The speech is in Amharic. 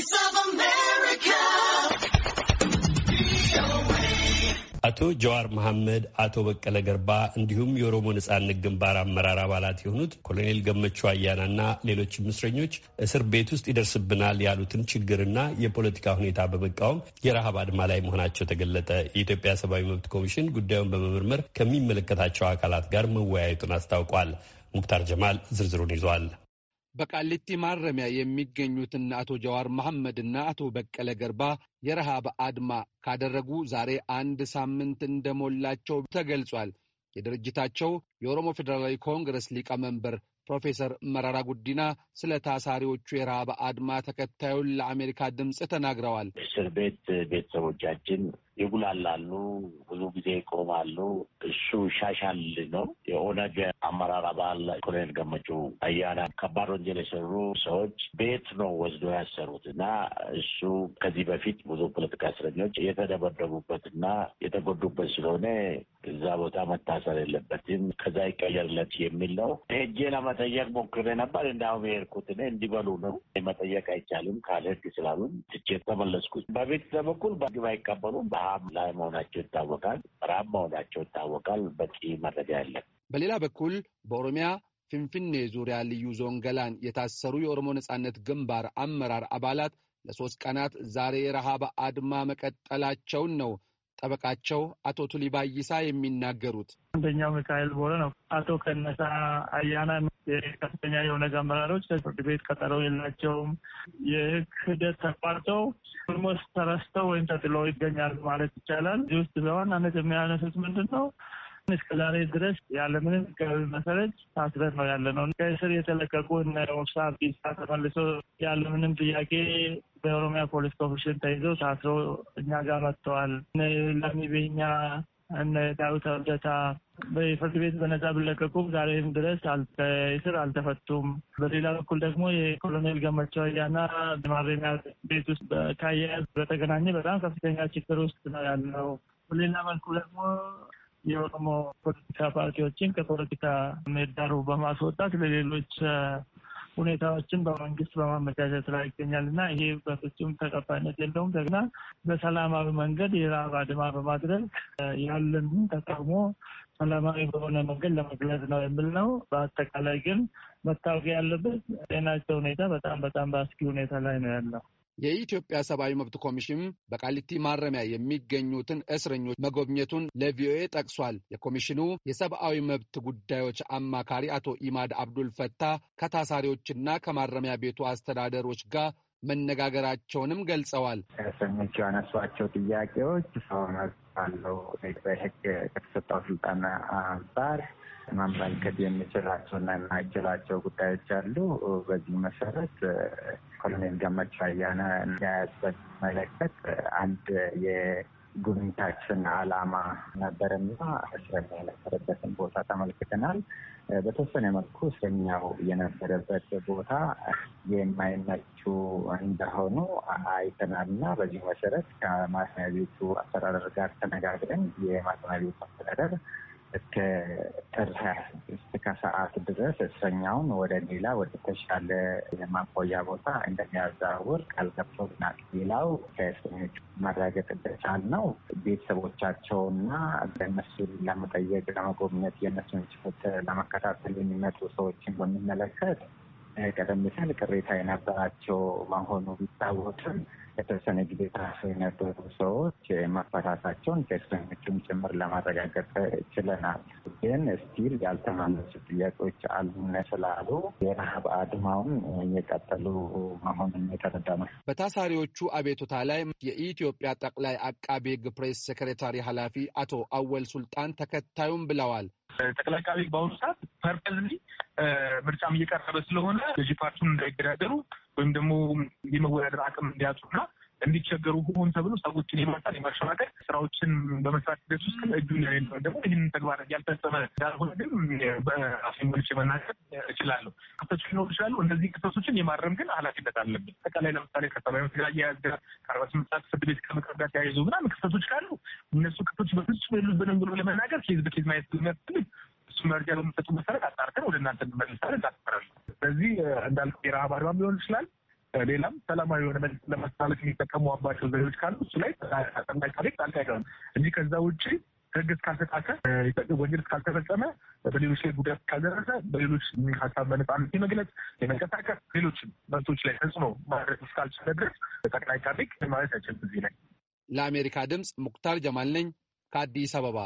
Voice of America. አቶ ጀዋር መሐመድ፣ አቶ በቀለ ገርባ እንዲሁም የኦሮሞ ነጻነት ግንባር አመራር አባላት የሆኑት ኮሎኔል ገመቹ አያናና ሌሎችም እስረኞች እስር ቤት ውስጥ ይደርስብናል ያሉትን ችግርና የፖለቲካ ሁኔታ በመቃወም የረሃብ አድማ ላይ መሆናቸው ተገለጠ። የኢትዮጵያ ሰብአዊ መብት ኮሚሽን ጉዳዩን በመመርመር ከሚመለከታቸው አካላት ጋር መወያየቱን አስታውቋል። ሙክታር ጀማል ዝርዝሩን ይዟል። በቃሊቲ ማረሚያ የሚገኙትን አቶ ጀዋር መሐመድና አቶ በቀለ ገርባ የረሃብ አድማ ካደረጉ ዛሬ አንድ ሳምንት እንደሞላቸው ተገልጿል። የድርጅታቸው የኦሮሞ ፌዴራላዊ ኮንግረስ ሊቀመንበር ፕሮፌሰር መራራ ጉዲና ስለ ታሳሪዎቹ የረሃብ አድማ ተከታዩን ለአሜሪካ ድምፅ ተናግረዋል። እስር ቤት ቤተሰቦቻችን ይጉላላሉ፣ ብዙ ጊዜ ይቆማሉ እሱ ሻሻል ነው። የኦነግ አመራር አባል ኮሎኔል ገመቹ አያና ከባድ ወንጀል የሰሩ ሰዎች ቤት ነው ወስዶ ያሰሩት እና እሱ ከዚህ በፊት ብዙ ፖለቲካ እስረኞች የተደበደቡበት እና የተጎዱበት ስለሆነ እዛ ቦታ መታሰር የለበትም፣ ከዛ ይቀየርለት የሚል ነው። ሄጄ ለመጠየቅ ሞክሬ ነበር። እንዳሁም የሄድኩት እኔ እንዲበሉ ነው መጠየቅ አይቻልም ካልህግ ስላሉን ትቼ ተመለስኩት። በቤተሰብ በኩል በግብ አይቀበሉም። በሀም ላይ መሆናቸው ይታወቃል፣ ራብ መሆናቸው ይታወቃል። ይታወቃል። በቂ መረጃ ያለን። በሌላ በኩል በኦሮሚያ ፊንፊኔ ዙሪያ ልዩ ዞን ገላን የታሰሩ የኦሮሞ ነጻነት ግንባር አመራር አባላት ለሶስት ቀናት ዛሬ ረሃብ አድማ መቀጠላቸውን ነው ጠበቃቸው አቶ ቱሊ ባይሳ የሚናገሩት አንደኛው ሚካኤል ቦለ ነው። አቶ ከነሳ አያና የከፍተኛ የኦነግ አመራሮች ፍርድ ቤት ቀጠሮ የላቸውም። የህግ ሂደት ተቋርጠው ኦልሞስት ተረስተው ወይም ተጥሎ ይገኛሉ ማለት ይቻላል። እዚህ ውስጥ በዋናነት የሚያነሱት ምንድን ነው? እስከ ዛሬ ድረስ ያለምንም ሕጋዊ መሰረት ታስረን ነው ያለ ነው። ከእስር የተለቀቁ እነ ኦብሳ ቢሳ ተመልሶ ያለምንም ጥያቄ በኦሮሚያ ፖሊስ ኮሚሽን ተይዘው ታስሮ እኛ ጋር መጥተዋል። ለሚቤኛ እነ ዳዊት አብደታ በፍርድ ቤት በነጻ ቢለቀቁም ዛሬም ድረስ ከእስር አልተፈቱም። በሌላ በኩል ደግሞ የኮሎኔል ገመቸው አያና ማረሚያ ቤት ውስጥ ከአያያዝ በተገናኘ በጣም ከፍተኛ ችግር ውስጥ ነው ያለው። በሌላ መልኩ ደግሞ የኦሮሞ ፖለቲካ ፓርቲዎችን ከፖለቲካ ምህዳሩ በማስወጣት ለሌሎች ሁኔታዎችን በመንግስት በማመቻቸት ላይ ይገኛል እና ይሄ በፍጹም ተቀባይነት የለውም። ደግና በሰላማዊ መንገድ የራብ አድማ በማድረግ ያለን ተቃውሞ ሰላማዊ በሆነ መንገድ ለመግለጽ ነው የሚል ነው። በአጠቃላይ ግን መታወቂያ ያለበት ጤናቸው ሁኔታ በጣም በጣም በአስጊ ሁኔታ ላይ ነው ያለው። የኢትዮጵያ ሰብአዊ መብት ኮሚሽን በቃሊቲ ማረሚያ የሚገኙትን እስረኞች መጎብኘቱን ለቪኦኤ ጠቅሷል። የኮሚሽኑ የሰብአዊ መብት ጉዳዮች አማካሪ አቶ ኢማድ አብዱል ፈታ ከታሳሪዎችና ከማረሚያ ቤቱ አስተዳደሮች ጋር መነጋገራቸውንም ገልጸዋል። እስረኞች ያነሷቸው ጥያቄዎች ሰው መብት ባለው በሕግ ከተሰጠው ስልጣን አንጻር ማመልከት የሚችላቸውና የማይችላቸው ጉዳዮች አሉ። በዚህ መሰረት ኮሎኔል ገመቹ አያና ያያዝበት መለከት አንድ የ ጉብኝታችን አላማ ነበርና እስረኛ የነበረበትን ቦታ ተመልክተናል። በተወሰነ መልኩ እስረኛው የነበረበት ቦታ የማይመቹ እንደሆኑ አይተናል እና በዚህ መሰረት ከማረሚያ ቤቱ አስተዳደር ጋር ተነጋግረን የማረሚያ ቤቱ አስተዳደር እስከ ጥር እስከ ሰዓት ድረስ እስረኛውን ወደ ሌላ ወደ ተሻለ የማቆያ ቦታ እንደሚያዛውር ቃል ገብቶናል። ሌላው ከእስረኞቹ መረጋገጥ እንደቻልነው ቤተሰቦቻቸውና ለነሱ ለመጠየቅ፣ ለመጎብኘት የእነሱን ችሎት ለመከታተል የሚመጡ ሰዎችን በሚመለከት ቀደም ሲል ቅሬታ የነበራቸው መሆኑ ቢታወቅም የተወሰነ ጊዜ ታስረው የነበሩ ሰዎች መፈታታቸውን ከእስረኞቹም ጭምር ለማረጋገጥ ችለናል። ግን ስቲል ያልተመለሱ ጥያቄዎች አሉ ስላሉ የረሀብ አድማውን እየቀጠሉ መሆኑን የተረዳ ነው። በታሳሪዎቹ አቤቱታ ላይ የኢትዮጵያ ጠቅላይ አቃቤ ሕግ ፕሬስ ሴክሬታሪ ኃላፊ አቶ አወል ሱልጣን ተከታዩም ብለዋል። ጠቅላይ አቃቤ በአሁኑ ሰዓት ፐርፐዝሊ ምርጫም እየቀረበ ስለሆነ ገዢ ፓርቲውን እንዳይገዳደሩ ወይም ደግሞ የመወዳደር አቅም እንዲያጡ እንዲያጡና እንዲቸገሩ ሆን ተብሎ ሰዎችን የማጣት የማሸማቀቅ ስራዎችን በመስራት ሂደት ውስጥ እጁ እንደሌለ ደግሞ ይህን ተግባር ያልፈጸመ ያልሆነ ግን በአሴምቦች መናገር እችላለሁ። ክፍተቶች ሊኖሩ ይችላሉ። እነዚህ ክፍተቶችን የማረም ግን ኃላፊነት አለብን። አጠቃላይ ለምሳሌ ከሰብአዊ መብት ጋር አያያዝ ጋር ከአርባ ስምንት ሰዓት ፍርድ ቤት ከመቅረብ ጋር ተያይዞ ምናምን ክፍተቶች ካሉ እነሱ ክፍተቶች በፍጹም የሉብንም ብሎ ለመናገር ኬዝ በኬዝ ማየት ስለሚያስፈልግ እሱ መረጃ በምሰጡ መሰረት አጣርተን ወደ እናንተ መልሳል እናስፈራለን። በዚህ እንዳልኩ የረሃብ አድማ ሊሆን ይችላል። ሌላም ሰላማዊ የሆነ መልስ ለማስተላለፍ የሚጠቀሙባቸው ዘዴዎች ካሉ እሱ ላይ ጠቅላይ ታሪክ ጣልቃ አይገባም እንጂ ከዛ ውጭ ህግ እስካልተጣሰ ወንጀል እስካልተፈጸመ በሌሎች ላይ ጉዳት እስካልደረሰ በሌሎች ሀሳብ በነፃነት የመግለጽ የመንቀሳቀስ ሌሎችም መብቶች ላይ ተጽዕኖ ማድረግ እስካልቻለ ድረስ ጠቅላይ ታሪክ ማለት አይችልም። እዚህ ላይ ለአሜሪካ ድምፅ ሙክታር ጀማል ነኝ ከአዲስ አበባ።